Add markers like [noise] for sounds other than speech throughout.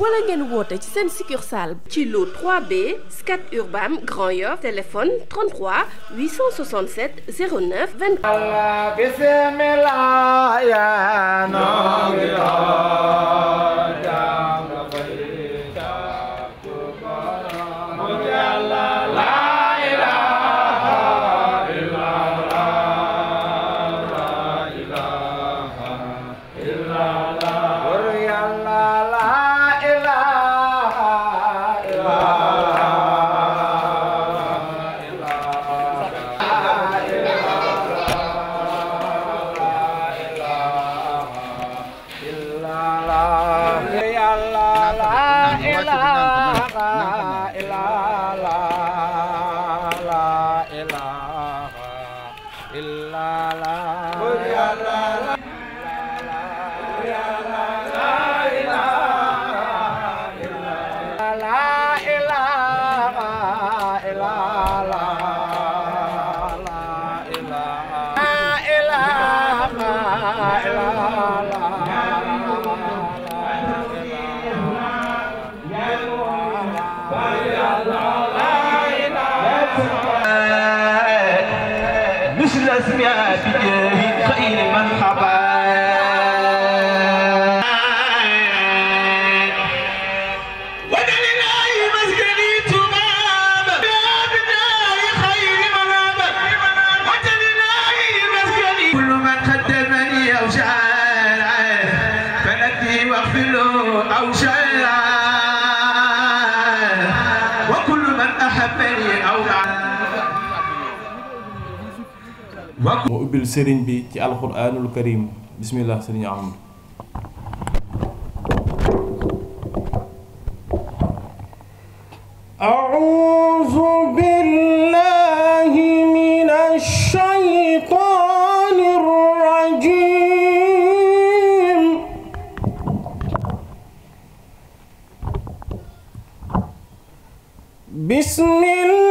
wala ngeen woote ci seen succursale ci lu 3B Scat Urbam Grand Yoff téléphone 33 867 09 mu ubbil sëriñ bi ci alxuraanul karim bismillah sëriñ Ahmadu أعوذ بالله من الشيطان الرجيم بسم الله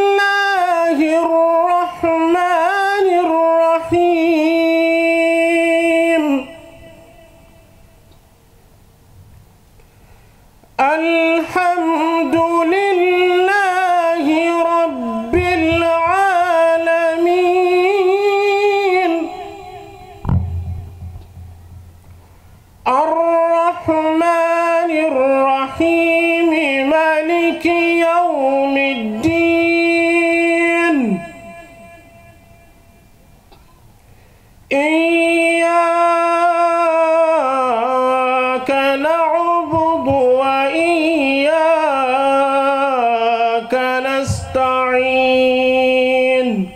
نستعين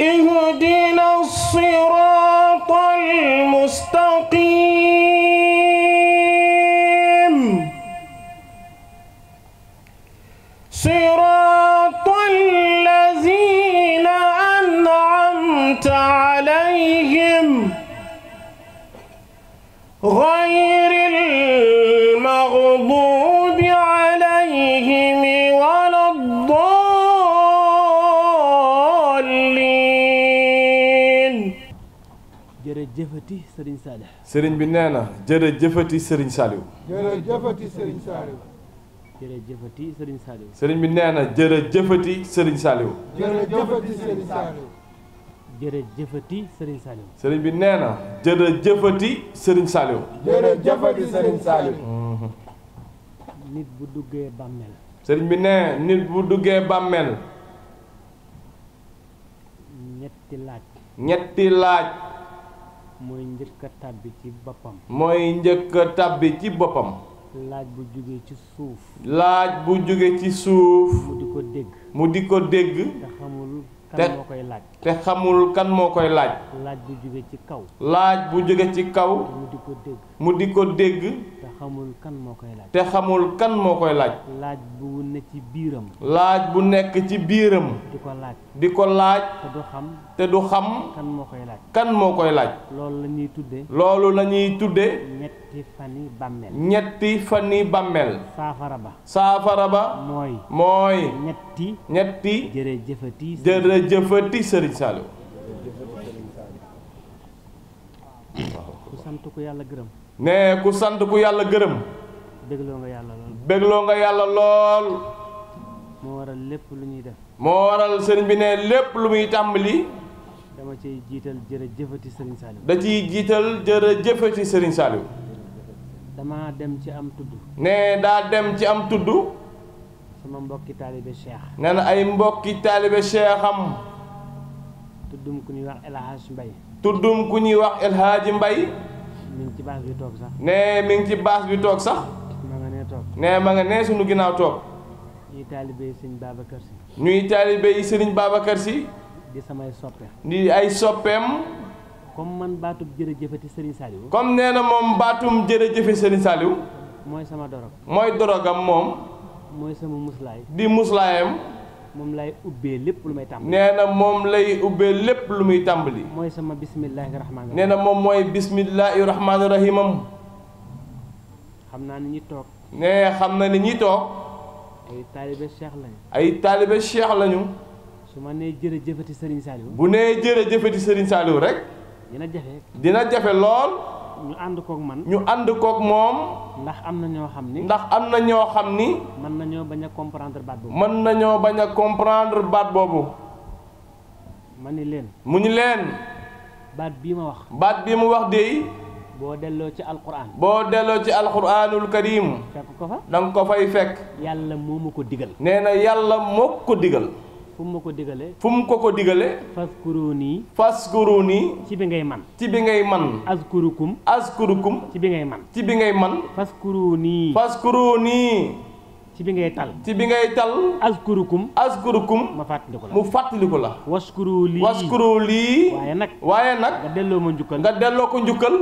اهدنا الصراط المستقيم jëfati Serigne Saliou. bi nee na jërëjëfati Serigne Saliou. jërëjëfati Serigne Saliou. jërëjëfati Serigne Saliou. Serigne bi nee na jërëjëfati Serigne Saliou. jërëjëfati Serigne Saliou. jërëjëfati Serigne Saliou. Serigne bi nee na jërëjëfati Serigne Saliou. jërëjëfati Serigne Saliou. Mm-hmm. nit bu duggee bàmmeel. Serigne bi nee nit bu duggee bàmmeel. ñetti laaj. ñetti laaj. mooy njëkk a tàbbi ci boppam. mooy njëkk tàbbi ci boppam. laaj bu jóge ci suuf. laaj bu jóge ci suuf. mu di ko dégg. mu di ko dégg. te xamul kan moo koy laaj. te xamul kan moo koy laaj. laaj bu jóge ci kaw. laaj bu jóge ci kaw. di ko mu di ko dégg. xamul kan moo koy laaj. xamul kan moo koy laaj. laaj bu ci biiram. laaj bu nekk ci biiram. ko laaj. di ko laaj. du xam. te du xam. koy laaj. kan moo koy laaj. loolu la ñuy tuddee. loolu la ñuy tuddee. ñetti fani bàmmeel. ñetti fani bàmmeel. saafara ba. saafara ba. mooy. ñetti. ñetti. jërëjëfati. jërëjëfati sëriñ. Serigne Saliou ku sant ku yàlla gërëm ne ku sant ku yàlla gërëm bégloo nga yàlla lool bégloo nga yàlla lool moo waral lépp lu ñuy def moo waral sëriñ bi ne lépp lu muy tàmbali dama ciy jiital jërëjëfati sëriñ Saliou da ciy jiital jërëjëfati sëriñ Saliou dama dem ci am tudd ne daa dem ci am tudd sama mbokki taalibe cheikh nee na ay mbokki taalibe cheikh tuddum ku ñuy wax El Hadj Mbaye. ku ñuy wax El Hadj Mbaye. mi ngi ci baas bi toog sax. nee mi ci baas bi toog sax. ma nga nee toog. nee ma nga nee sunu ginnaaw toog. ñuy taalibe yi sëriñ Babacar si. ñuy taalibe yi sëriñ Babacar si. di samay soppe. di ay soppeem. comme man baatum jërëjëfati sëriñ Saliou. comme nee na moom baatum jërëjëfe seen Saliou. mooy sama dorog. mooy dorogam moom. mooy sama muslaay. di muslaayam. moom lay ubbee lépp lu may tàmbali. nee na moom lay ubbee lépp lu muy tàmbali. mooy sama bismillahi rahmaani rahim. nee na moom mooy bismillahi rahmaani rahimam. xam naa ni ñuy toog. nee xam na ni ñuy toog. ay taalibe cheikh lañu. ay taalibe cheikh lañu. su ma nee jërëjëfati Serigne Saliou. bu nee jërëjëfati Serigne Saliou rek. dina jafe. dina jafe lool. ñu ànd kook man ñu ànd kook moom ndax am na ñoo xam ni ndax am na ñoo xam ni mën nañoo bañ a comprendre baat boobu mën nañoo bañ a comprendre baat boobu ma ni leen mu ñu leen baat bii ma wax baat bi mu wax dey boo delloo ci alquran boo delloo ci alquranul karim fekk ko fa da nga ko fay fekk yàlla moo ma ko digal nee na yàlla moo ko digal fu mu ma ko digalee. fu mu ko ko digalee. faskuru nii. faskuru nii. ci bi ngay man. ci bi ngay man. askurukum. askurukum. ci bi ngay man. ci bi ngay man. faskuru nii. faskuru nii. ci bi ngay tal ci bi ngay tal askurukum askurukum ma fàttaliku la mu fàttaliku la waskuru lii lii waaye nag waaye nag nga delloo ma njukkal nga delloo ko njukkal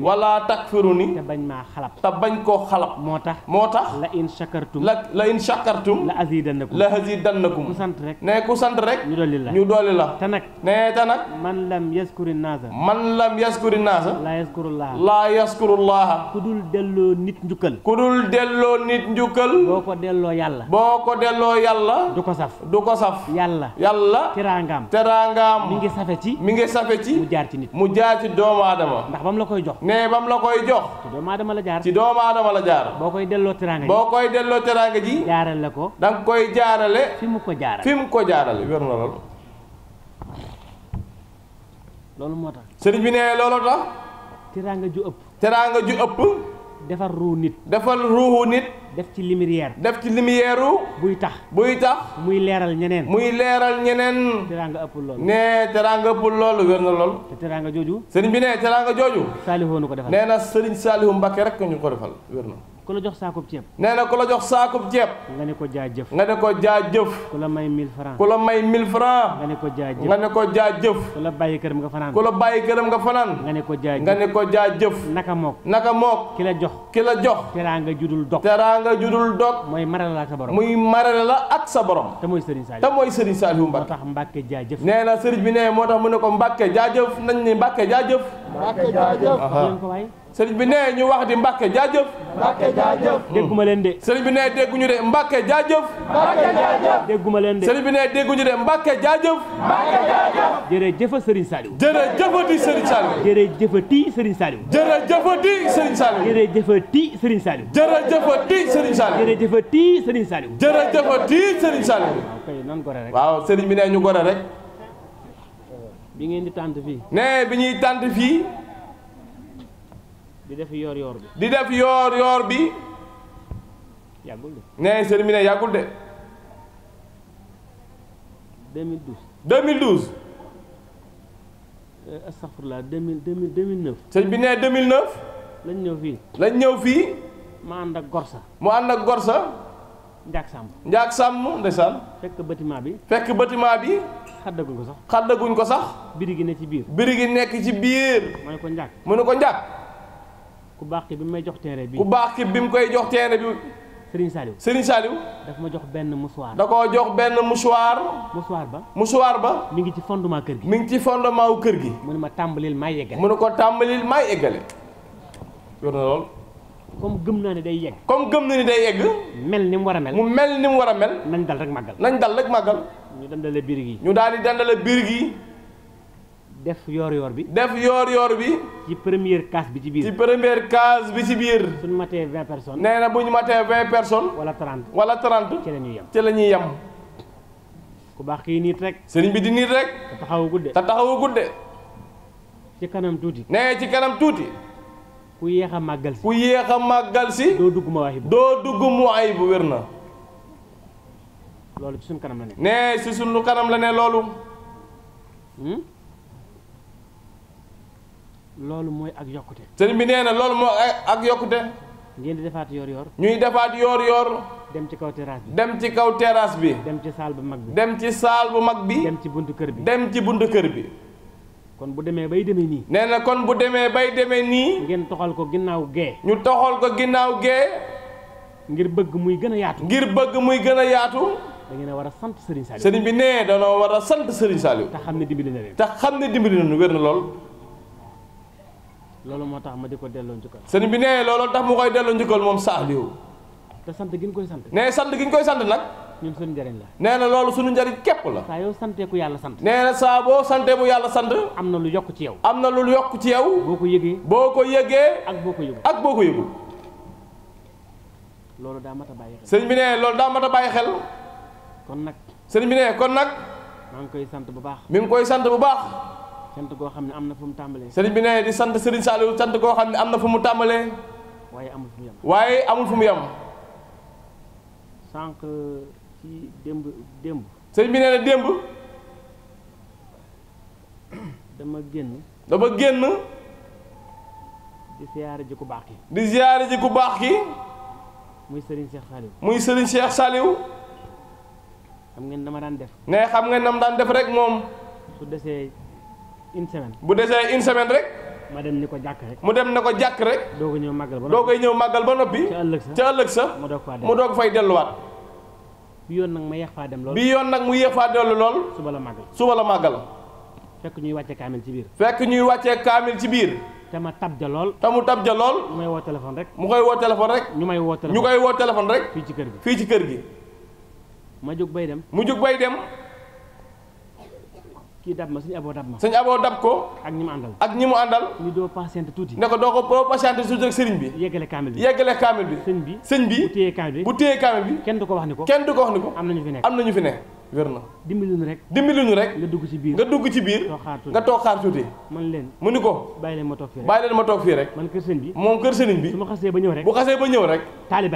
wala takfuru ni ni te bañ ma xalab te bañ ko xalab moo tax moo tax la in shakartum la la in shakartum la azidannakum la azidannakum ku sant rek ne ku sant rek ñu dolli la ñu dolli la te nag ne te nag man lam yaskuri naasa man lam yaskuri naasa laa yaskuru laaha laa yaskuru laaha ku dul delloo nit njukkal ku dul delloo nit njukkal boo ko delloo yàlla. boo ko delloo yàlla. du ko saf du ko saf. yàlla yàlla. teraangaam teraangaam. mi ngi safe ci mi ngi safe ci. mu jaar ci nit mu jaar ci doomu aadama. ndax ba mu la koy jox. nee ba mu la koy jox. ci doomu aadama la jaar. ci doomu la jaar. boo koy delloo teraanga ji boo koy delloo teraanga ji. jaarale ko da koy jaarale. fi mu ko jaarale fi mu ko jaarale wér na lool. loolu moo tax. sëriñ bi nee looloo tax. teraanga ju ëpp. teraanga ju ëpp. defar ruu nit. defar ruuhu nit. def ci lumière. def ci lumière buy tax. buy tax. muy leeral ñeneen. muy leeral ñeneen. teraanga ëppul loolu. nee teraanga ëppul loolu wér na lool. te nga jooju. sëriñ bi nee teraanga jooju. Salihu nu ko defal nee na sëriñ Salihu mbakke rek ñu ko defal wér na. ku la jox saakub ceeb nee na ku la jox saakub ceeb nga ne ko jaajëf nga ne ko jaajëf ku la may 1000 francs ku may 1000 francs ne ko jaajëf nga ne ko jaajëf ku la bàyyi këram nga fanaan ku la bàyyi këram nga fanaan nga ne ko jaajëf nga ne ko jaajëf naka mook naka mook ki la jox ki la jox nga judul dog teraanga judul dog mooy marale la ak sa borom muy marale la ak sa borom te mooy Serigne Saliou te mooy Serigne Saliou Mbacké moo tax Mbacké jaajëf nee na Serigne bi ne moo tax mu ne ko Mbacké jaajëf nañ ni Mbacké jaajëf Mbacké jaajëf ko waay sëriñ bi nee ñu wax di Mbàkke jaajëf. Mbàkke jaajëf. dégguma leen de. sëriñ bi nee dégguñu de Mbàkke jaajëf. Mbàkke jaajëf. dégguma leen de. sëriñ bi nee dégguñu de Mbàkke jaajëf. Mbàkke jaajëf. jërëjëfa Sëriñ Saliou. jërëjëfati Sëriñ Saliou. jërëjëfati Sëriñ Saliou. jërëjëfati Sëriñ Saliou. jërëjëfati Sëriñ Saliou. jërëjëfati Sëriñ Saliou. jërëjëfati Sëriñ Saliou. jërëjëfati Sëriñ Saliou. Ah, waaw sëriñ bi nee ñu gore rek. bi ngeen di tànt fii. nee bi ñuy tànt fii di def yoor yoor bi. di def yoor yoor bi. yàggul de. nee sëriñ bi ne yàggul de. 2012. 2012. astafurlah 2000 2009. bi nee 2009. lañ ñëw fii. lañ ñëw fii. ma ànd ak Gorsa. mu ànd ak Gorsa. Njaak Sàmm. Njaak Sàmm ndeysaan. fekk bâtiment bi. fekk bâtiment bi. xaddaguñ ko sax. xaddaguñ ko sax. biri gi ne ci biir. biri gi nekk ci biir. mu ne ko Njaak. mu ne ko Njaak. ku baax ki bi mu may jox téere bi ku baax ki bi mu koy jox téere bi. Serigne Saliou Serigne Saliou. daf ma jox benn mouchoir. da koo jox benn mouchoir. mouchoir ba. mouchoir ba. mi ngi ci fondement kër gi. mi ngi ci fondement wu kër gi. mu ne ma tàmbalil may yeggale. mu ne ko tàmbalil may yeggale. yor na lool. comme gëm naa ni day yegg. comme gëm na ni day yegg. mel ni mu war a mel. mu mel ni mu war a mel. nañ dal rek màggal. nañ dal rek màggal. ñu dandale biir gi. ñu daal dandale biir gi. def yoor-yoor bi. def yoor-yoor bi. ci première case bi ci biir. ci première case bi ci biir. suñu matee vingt personnes. nee na bu ñu matee vingt personnes. wala trente. wala trente. ci la ñuy ci la ñuy yem. ku baax kii niit rek. sëriñ bi di niit rek. te taxawu gudde. te taxawu gudde. ci kanam tuuti. nee ci kanam tuuti. ku yéex a màggal si. ku yéex a màggal si. doo dugg mu waay doo dugg mu waay bu wér na. loolu ci sunu kanam la ne. nee ci sunu kanam la ne loolu. Hmm? loolu mooy ak yokkute. sëriñ bi nee na loolu mooy ak yokkute. ngeen di defaat yoor-yoor. ñuy defaat yoor-yoor. dem ci kaw terrasse bi. dem ci kaw terrasse bi. dem ci saal bu mag bi. dem ci saal bu mag bi. dem ci buntu kër bi. dem ci buntu kër bi. kon bu demee bay demee nii. nee na kon bu demee bay demee nii. ngeen toxal ko ginnaaw gee. ñu toxal ko ginnaaw gee. ngir bëgg muy gën a yaatu. ngir bëgg muy gën a yaatu. da ngeen a war a sant Serigne Saliou. sëriñ bi nee danoo war a sant Serigne Saliou. te xam ne dimbali na leen. te xam ne dimbali na leen lool. loolu moo tax ma di ko delloo njukkal. sëriñ bi nee loolu tax mu koy delloo njukkal moom Saaliw. te sant gi ñu koy sant. nee sant gi koy sant nag. ñun suñu njëriñ la. nee na loolu suñu njëriñ képp la. saa yoo ku yàlla sant. nee na saa santee bu yàlla sant. am na lu yokk ci yow. am na lu yokk ci yow. boo ko yëgee. boo ko yëgee. ak boo ko ak boo ko daa mat a bàyyi xel. sëriñ bi nee loolu daa mat a bàyyi xel. kon nag. sëriñ bi nee kon nag. maa ngi koy sant bu baax. mi ngi koy sant bu baax. cant goo xam ne am na fu mu tàmbalee. sëriñ bi nee di sant sëriñ Saliou cant goo xam ne am na fu mu tàmbalee. waaye amul fu mu waaye amul fu mu yem. sànq ci démb démb. bi nee démb. dama génn. dama génn. di ziyaare ji ku baax ki. di ziyaare ji ku baax ki. muy sëriñ Cheikh Saliou. muy sëriñ Cheikh Saliou. xam ngeen dama daan def. ne xam ngeen nam daan def rek moom. su desee. une semaine. bu desee une semaine rek. ma dem ni ko jàkk rek. mu dem ne ko jàkk rek. doo ko ñëw màggal ba noppi koy ñëw màggal ba noppi. ca ëllëg sa ca ëllëg sa. mu doog faa delluwaat mu fay delluwaat. bi yoon nag ma yéex faa dem lool. bi yoon nag mu yéex faa dellu lool. suba la màggal suba la màggal. fekk ñuy wàccee kaamil ci biir. fekk ñuy wàccee kaamil ci biir. te ma ja lool. te mu tab ja lool. mu may woo téléphone rek. mu koy woo téléphone rek. ñu may woo téléphone ñu koy woo téléphone rek. fii ci kër gi fii ci kër gi. ma bay dem. mu jóg bay dem. kii dab ma sëñ aboo dab ma sëñ aboo dab ko ak ñi mu àndal ak ñi mu àndal ñu doo patiente tuuti ne ko doo ko doo patiente tuuti ak sëriñ bi yeggale kaamil bi yeggale kaamil bi sëñ bi sëñ bi bu téyee kaamil bi bu téyee kaamil bi kenn du ko wax ni ko kenn du ko wax ni ko am nañu fi fi nekk wér na dimbali ñu rek dimbali ñu rek nga dugg ci biir nga dugg ci biir nga toog xaar tuuti man leen mu ni ko bàyyi leen ma toog fii rek bàyyi leen ma toog fii rek man kër sëñ bi moom kër sëriñ ay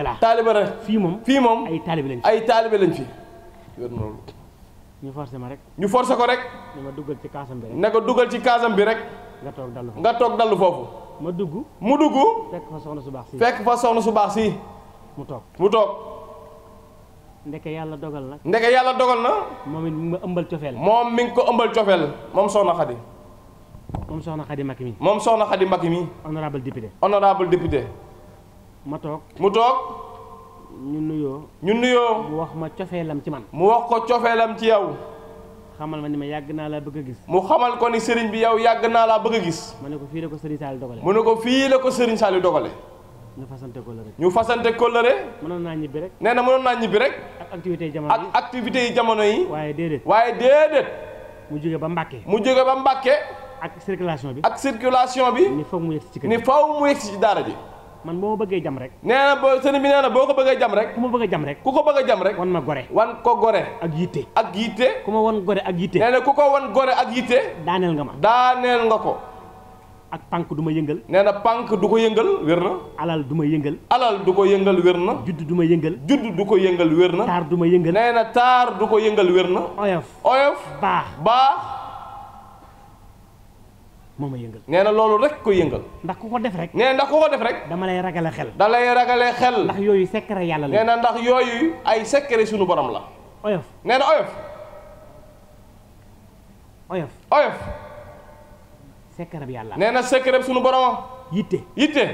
taalibe lañ fi ay ñu forcé ma rek. ñu forcé ko rek. ne ma dugal ci kaasam bi rek. ne ko dugal ci kaasam bi rek. nga toog dallu foofu nga toog dallu foofu. ma dugg. mu dugg. fekk fa soxna su baax si. fekk fa soxna su baax si. mu toog mu toog. ndeke yàlla dogal na. ndeke yàlla dogal na. moom it mu ëmbal cofeel. moom mi ngi ko ëmbal cofeel moom soxna Xadi. moom soxna Xadi Mbacke mi. moom soxna Xadi Mbacke mi. honorable ma toog mu toog. ñu nuyoo. ñu nuyoo. mu wax ma cofeelam ci man. mu wax ko cofeelam ci yow. xamal ma ni ma yàgg naa laa bëgg a gis. mu xamal ko ni sëriñ bi yow yàgg naa laa bëgg a gis. ma ne ko fii la ko sëriñ Saliou dogale. mu ne ko fii la ko sëriñ Saliou dogale. ñu fasante kóllëre. ñu fasante kóllëre. mënoon naa ñibbi rek. nee na mënoon naa ñibbi rek. ak activités yi jamono yi ak activités yi jamono waaye déedéet. waaye déedéet. mu jóge ba Mbàkke. mu jóge ba Mbàkke. ak circulation bi. ak circulation bi. ni faw mu yegsi ci daara ji man boo ma bëggee jam rek nee na boo sëriñ bi nee na boo ko bëggee jam rek ku ma bëgg jam rek ku ko bëgg a jam rek wan ma gore wan ko gore ak yitte ak yitte ku ma wan gore ak yitte nee na ku ko wan gore ak yitte daaneel nga ma daaneel nga ko ak pànk du ma yëngal nee na pànk du ko yëngal wér na alal du ma yëngal alal du ko yëngal wér na judd du ma yëngal judd du ko yëngal wér na taar du ma yëngal nee na taar du ko yëngal wér na oyof oyof baax baax moom ma yëngal nee na loolu rekk ko yëngal ndax ku ko def rek nee na ndax ku ko def rek dama lay ragale xel da lay ragale xel ndax yooyu secret yàlla la nee na ndax yooyu ay secret suñu borom la oyof nee na oyof oyof yàlla nee na secret suñu borom yitte yitte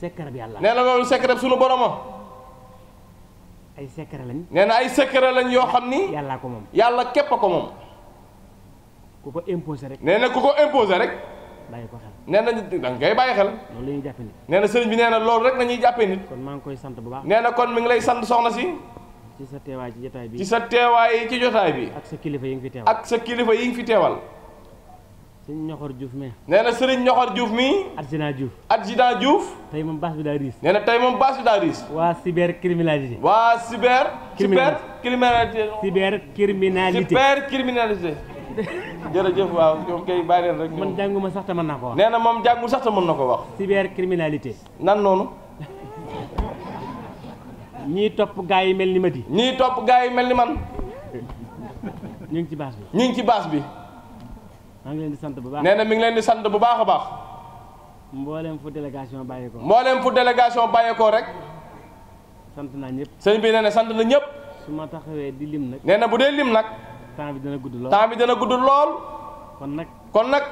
secret bi yàlla nee na loolu secret bi suñu boroma ay secret lañ. nee na ay secret lañ yoo xam ni. yàlla ko moom yàlla képp ko moom. ku ko imposé rek. nee na ku ko imposé rek. bàyyi ko xel nee na da ngay bàyyi xel. loolu la ñuy jàppee nit. nee na sëriñ bi nee na loolu rek nañuy jàppee nit. kon maa ngi koy sant bu baax. nee na kon mi ngi lay sant soxna si. ci sa teewaay ci jotaay bi ci sa teewaay ci jotaay bi. ak sa kilifa yi nga fi teewal ak sa kilifa yi nga fi teewal. sëriñ ñoxor Diouf mi. nee na sëriñ ñoxor Diouf mi. adjudant Diouf. adjudant Diouf. tey moom baas bi daa riis. nee na tey moom baas bi daa riis. waa cyber criminalité. waa cyber. cyber criminalité jërëjëf waaw ñoom kay bàyyi leen rek. man jànguma sax te mën naa ko wax. nee na moom jàngu sax mën na ko wax. cybercriminalité. nan noonu. ñii topp gaa yi mel ni ma di. ñii topp gaa yi mel ni man. ñu ngi ci baas bi. ñu ngi ci baas bi. maa ngi leen di sant bu baax nee na mi ngi leen di sant bu baax a baax. mboolem fu délégation bàyyeekoo. mboolem fu délégation bàyyeekoo rek. sant naa ñëpp. sëñ bi nee na sant na ñëpp. su ma taxawee di lim nag. nee na bu dee lim nag. temps bi dana gudd lool temps bi dana gudd lool. kon nag kon nag.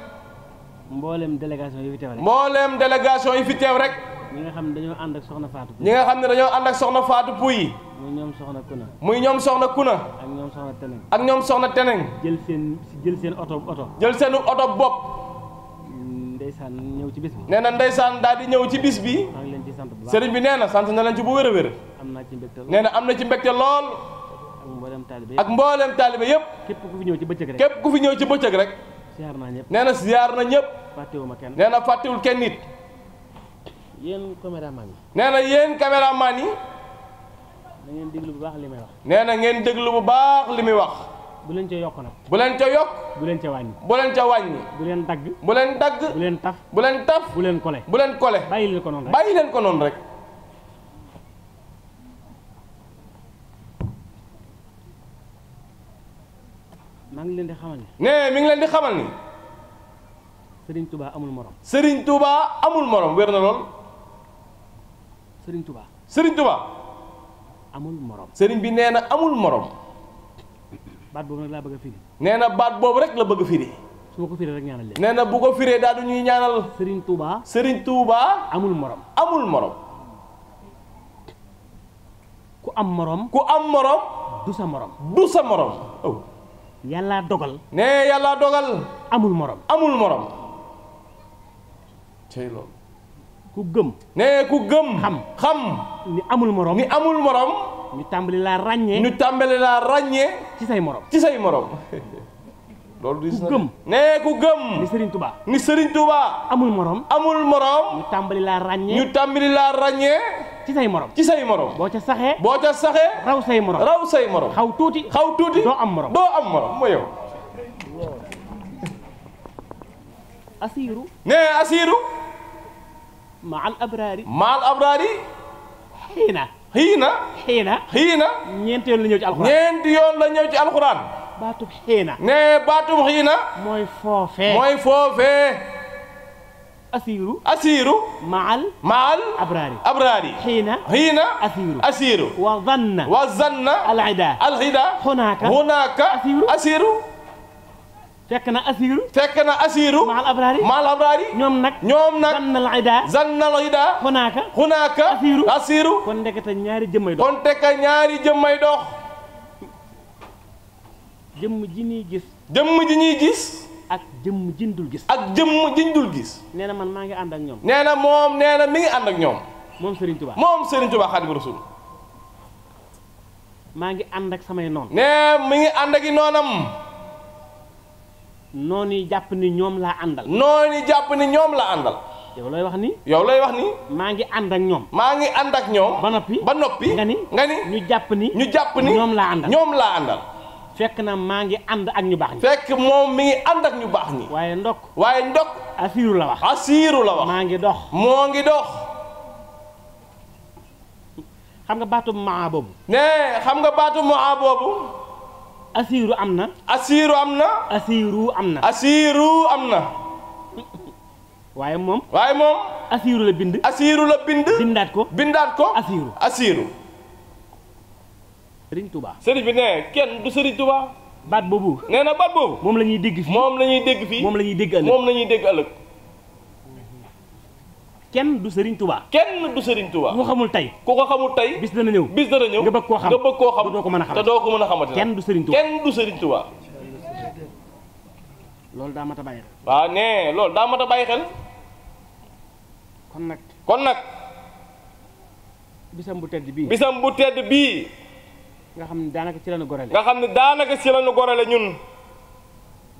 mboolem délégation yi fi teew rek. mboolem yi fi teew rek. ñi nga xam ne dañoo ànd ak soxna Fatou. ñi nga xam ne dañoo ànd soxna Fatou Pouy. muy ñoom soxna Kuna. muy ñoom soxna Kuna. ak ñoom soxna Teneng. ak ñoom soxna Teneng. jël seen jël seen oto oto. jël seen oto bopp. ndeysaan ñëw ci bis bi. nee na ndeysaan daal di ñëw ci bis bi. maa ngi leen ci sant bu sëriñ bi nee na sant na leen ci bu wér a wér. ci mbégte lool nee na am na ci mbégte lool. ak mboolem taalibe yëpp. képp ku fi ñëw ci bëccëg rek képp ku fi ñëw ci bëccëg rek. ziar na ñëpp nee na ziar na ñëpp. fàttewu ma kenn nee na fàttewul kenn nit. yéen caméraman yi. nee na yéen caméraman yi. na ngeen déglu bu baax li may wax. nee na ngeen déglu bu baax li muy wax. bu leen ca yokk nag. bu leen ca yokk. bu leen ca wàññi. bu leen ca wàññi. bu leen dagg. bu leen dagg. leen taf. bu leen taf. bu leen kole. bu leen kole. bàyyi leen ko noonu rek bàyyi leen ko noonu rek. maa ngi leen di xamal ni. nee mi ngi leen di xamal ni. Serigne Touba amul morom. sëriñ tuubaa amul moroom wér na lool. Serigne Touba. Serigne Touba. amul morom. bi nee na amul moroom baat boobu nag nee na baat boobu rek la bëgg a firi. su ma ko nee na bu ko firee daal du ñuy ñaanal. Serigne Touba. Serigne amul morom. amul morom. ku am moroom ku am morom. du sa morom. du sa moroom oh. yàlla dogal. nee yàlla dogal. amul morom amul morom. tey loolu. ku gëm. nee ku gëm. xam xam. ni amul morom ni amul morom. ñu tàmbali laa ràññee. ñu tàmbali laa ràññee. ci say morom ci say morom. [laughs] loolu gis na ku gëm. nee ku gëm. ni Serigne Touba. ni Serigne Touba. amul morom. amul morom. ñu tàmbali laa ràññee. ñu tàmbali laa ràññee. ci say morom ci say morom boo ca saxee boo ca saxee raw say morom raw say xaw tuuti xaw tuuti doo am morom doo am morom mu yow asiiru nee asiiru maal abraari maal abraari xiina xiina xiina xiina ñeenti yoon la ñëw ci alxuraan xiina nee baatub xiina mooy foofee asiiru asiiru maal maal abraari abraari asiiru asiiru wa zanna wa zanna alxida alxida hunaaka asiiru asiiru fekk asiiru maal abraari maal abraari ñoom nag ñoom nag zanna alxida zanna alxida hunaaka hunaaka asiiru asiiru kon ndekete ñaari jëmmay dox ak jëmm jindul gis. ak jëmm jindul gis. neena man maa ngi ànd ak ñoom. nee na moom nee mi ngi ànd ak ñoom. moom Serigne Touba moom Serigne Touba Xaadimu Rasuul. maa ngi ànd ak samay noon. nee mi ngi ànd ak i noonam. noon yi jàpp ni ñoom laa àndal. noon yi jàpp ni ñoom laa àndal. yow lay wax ni. yow lay wax ni. maa ngi ànd ak ñoom. maa ngi ànd ak ñoom. ba noppi ba noppi. nga ni nga ni ñu jàpp ni. ñu jàpp ni ñoom laa àndal ñoom laa àndal. fekk na maa ngi ànd ak ñu baax ñi. fekk moom mi ngi ànd ak ñu baax ñi. waaye ndok. waaye ndok. asiiru la wax. asiiru la wax. maa ngi dox. moo ngi dox. xam nga baatu maa boobu. nee xam nga baatu maa boobu. asiiru am na. asiiru am na. asiiru am na. asiiru am na. waaye moom. waaye moom. asiiru la bind. asiiru la bind. bindaat ko. bindaat ko. asiiru asiiru. Serigne tubaa Serigne bi nee kenn du Serigne Touba. baat boobu. nee na baat boobu. moom la ñuy dégg fii moom la ñuy dégg fii. moom la ñuy dégg ëllëg la ñuy dégg ëllëg. kenn du Serigne Touba. kenn du Serigne Touba. ku tey. ku ko xamul tey. bis dana ñëw bis dana ñëw. nga bëgg koo xam nga bëgg koo xam te doo ko a xam te doo ko mën a xamati. kenn du Serigne Touba loolu daa mat a bàyyi xel. waaw nee loolu daa mat a bàyyi xel. kon nag kon nag. bisam bu tedd bii. bisam bu tedd bii. nga xam ne daanaka ci la ñu gorale. nga xam ne daanaka ci la ñu gorale ñun.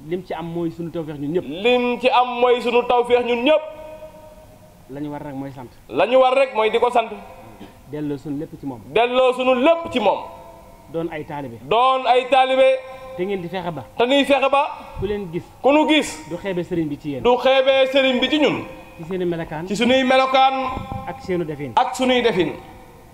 lim ci am mooy sunu tawféex ñun ñëpp. lim ci am mooy sunu tawféex ñun ñëpp. la ñu war rek mooy sant. la ñu war rek mooy di ko sant. delloo sunu lépp ci moom. delloo sunu lépp ci moom. doon ay taalibe. doon ay taalibe. te ngeen di fexe ba. te ñuy fexe ba. ku leen gis. ku nu gis. du xeebee sëriñ bi ci yéen. du xeebee sëriñ bi ci ñun. ci seeni melokaan. ci sunuy melokaan. ak seenu defin. ak sunuy defin.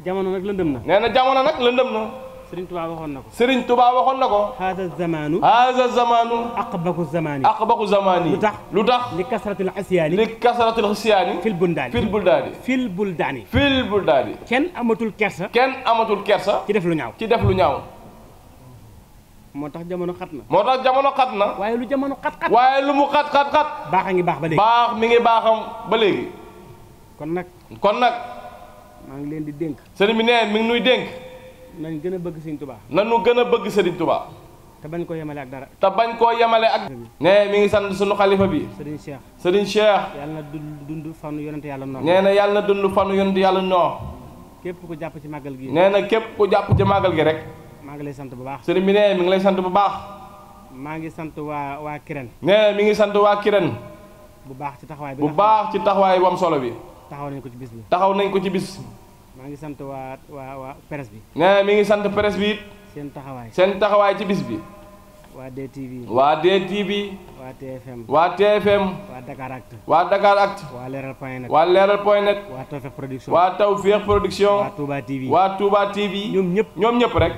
jamono nag lëndëm na. nee na jamono nag lëndëm na. Sëriñ Tuubaa waxoon na ko. Sëriñ Tuubaa waxoon na ko. haada zamaanu. haada zamaanu. aqbaxu zamaani. aqbaxu zamaani. lu tax lu tax. li kasratil asiyaani. li kasratil asiyaani. fil buldaani. fil buldaani. fil buldaani. fil buldaani. kenn amatul kersa. kenn amatul kersa. ci def lu ñaaw ci def lu ñaaw. moo tax jamono xat na. moo tax jamono xat na. waaye lu jamono xat xat. waaye lu mu xat baax a ngi baax ba léegi. baax mi ngi baaxam ba léegi. kon nag. kon nag. maa ngi leen di dénk. sëriñ bi nee mi ngi nuy dénk. nañ gën a bëgg sëriñ tubaa nañu gën a bëgg sëriñ tubaa te bañ koo yemale ak dara te bañ koo yemale ak ne mi ngi sant sunu xalifa bi sëriñ cheikh sëriñ cheikh yàlla na dund fanu yonent yàlla noo nee na yàlla na dund fanu yonent yàlla noo képp ku jàpp ci màggal gi nee na képp ku jàpp ci màggal gi rek maa ngi lay sant bu baax sëriñ bi nee mu ngi lay sant bu baax maa ngi sant waa waa Kirène nee mi ngi sant waa Kirène bu baax ci taxawaay bi bu baax ci taxawaay bu solo bi taxaw nañ ko ci bis bi taxaw nañ ko ci bis maa ngi sant waa waa waa bi. nee mi ngi sant presse bi seen taxawaay seen taxawaay ci bis bi. waa DTV. waa DTV. waa TFM. waa TFM. waa Dakar Actu. waa Dakar Actu. waa Leral point net. waa Leral point net. waa Tawfekh production. waa Tawfekh production. waa Touba TV. waa Touba TV. ñoom ñëpp ñoom ñëpp rek.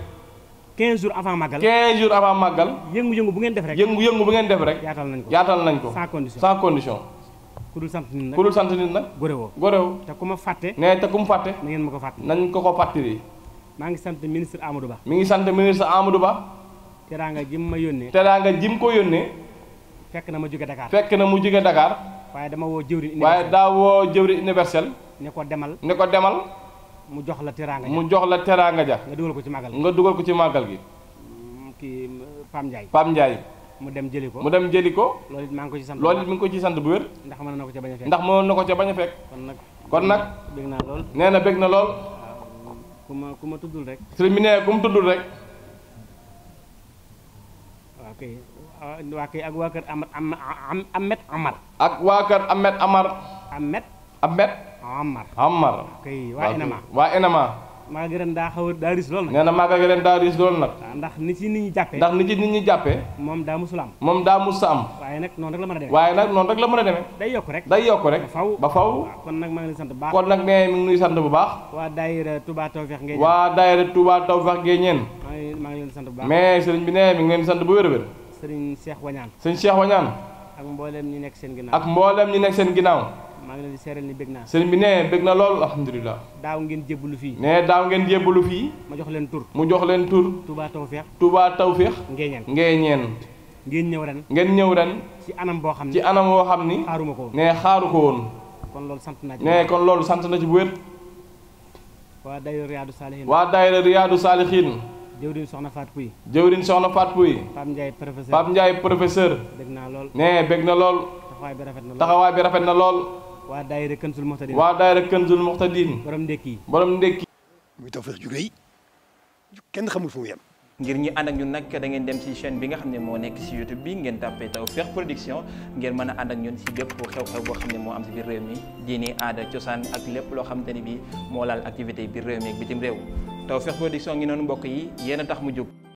15 jours avant màggal 15 jours avant màggal. yëngu-yëngu bu ngeen def rek. yëngu-yëngu bu ngeen def rek. yaatal nañ ko yaatal ko. sans condition sans ku dul sant nit nag ku dul sant nit nag. gorewoo gorewoo. te ku ma fàtte. nee te ku mu fàtte. na ngeen ma ko fàtte. nañ ko ko fàttali. maa ngi sant ministre Amadou Ba. mi ngi sant ministre Amadou Ba. teraanga jim ma yónnee. teraanga jim ko yónnee. fekk na ma jóge Dakar. fekk na mu jóge dakaar waaye dama woo jëwri universel waaye daa woo jëwri universel. ne ko demal ne ko demal. mu jox la teraanga ja mu jox la teraanga ja. nga dugal ko ci màggal nga dugal ko ci màggal gi. Mm, kii Pam Ndiaye Pam mu dem jëli ko mu dem jëli ko loolu it maa ngi ko ci sant loolu it ko ci sant bu wér ndax mënoon na ko ca bañ a fekk ndax mënoon na ko ca bañ a fekk kon nag kon nag bég naa lool nee na bég na lool ku ma ku ma tuddul rek sëriñ bi nee ku mu tuddul rek waa kay ak waa kër Amar Amet Amar Amar Amar Amar waa enama maa ngi daa xaw a daa riis lool nag nee na maa ngi ren daa riis lool nag waaw ah, ndax ni ci nit ñi jàppee ndax ni ci nit ñi jàppee moom daa musul am moom daa musul am waaye nag noonu rek la mën a demee waaye nag noonu rek la mën a demee day yokk rek day yokk ba faw ah, kon nag maa ngi sant bu baax kon nag nee mi ngi nuy sant bu baax waa daayira Touba Tawfekh ngeen waa daayira ngeen ñeen maa ngi leen sant bu baax mais sëriñ bi nee mi ngi leen sant bu wér wér sëriñ Cheikh Wañaan sëriñ Cheikh Wañaan ak mboolem ñi nekk seen ginnaaw ak mboolem ñi nekk seen ginnaaw maa ngi leen di ni bëgg naa sëriñ bi nee bëgg na lool alhamdulilah daaw ngeen jébbalu fii nee daaw ngeen jébbalu fii ma jox leen tur mu jox leen tur Touba Tawféex Touba Tawféex ngeeñeen ngeeñeen ngeen ñëw ren ngeen ñëw ren ci anam boo xam ne ci anam boo xam ni xaaruma ko woon nee xaaru ko woon kon loolu sant na nee kon loolu sant na ci bu wér waa daayira Riyaadu Saalihiin waa daayira Riyaadu Saalihiin jëwriñ soxna Faat Puy jëwriñ soxna Faat Puy Pape Ndiaye professeur Pape Ndiaye naa lool nee bëgg na lool bi rafet na lool taxawaay bi rafet na lool waa daayira Kanzul Muhtadin waa daayira Kanzul Muhtadin borom ndekki borom ndekki muy Tawfekh ju rëy kenn xamul foofu mu yem ngir ñi ànd ak ñun nag da ngeen dem ci chaine bi nga xam ne moo nekk ci YouTube bi ngeen tàppee Tawfekh Production ngeen mën a ànd ak ñun ci bépp xew-xew boo xam ne moo am ci biir réew mi diini aada cosaan ak lépp loo xamante ni bi moo laal activité biir réew mi ak bitim réew Tawfekh Production ngi noonu mbokk yi yéen a tax mu jóg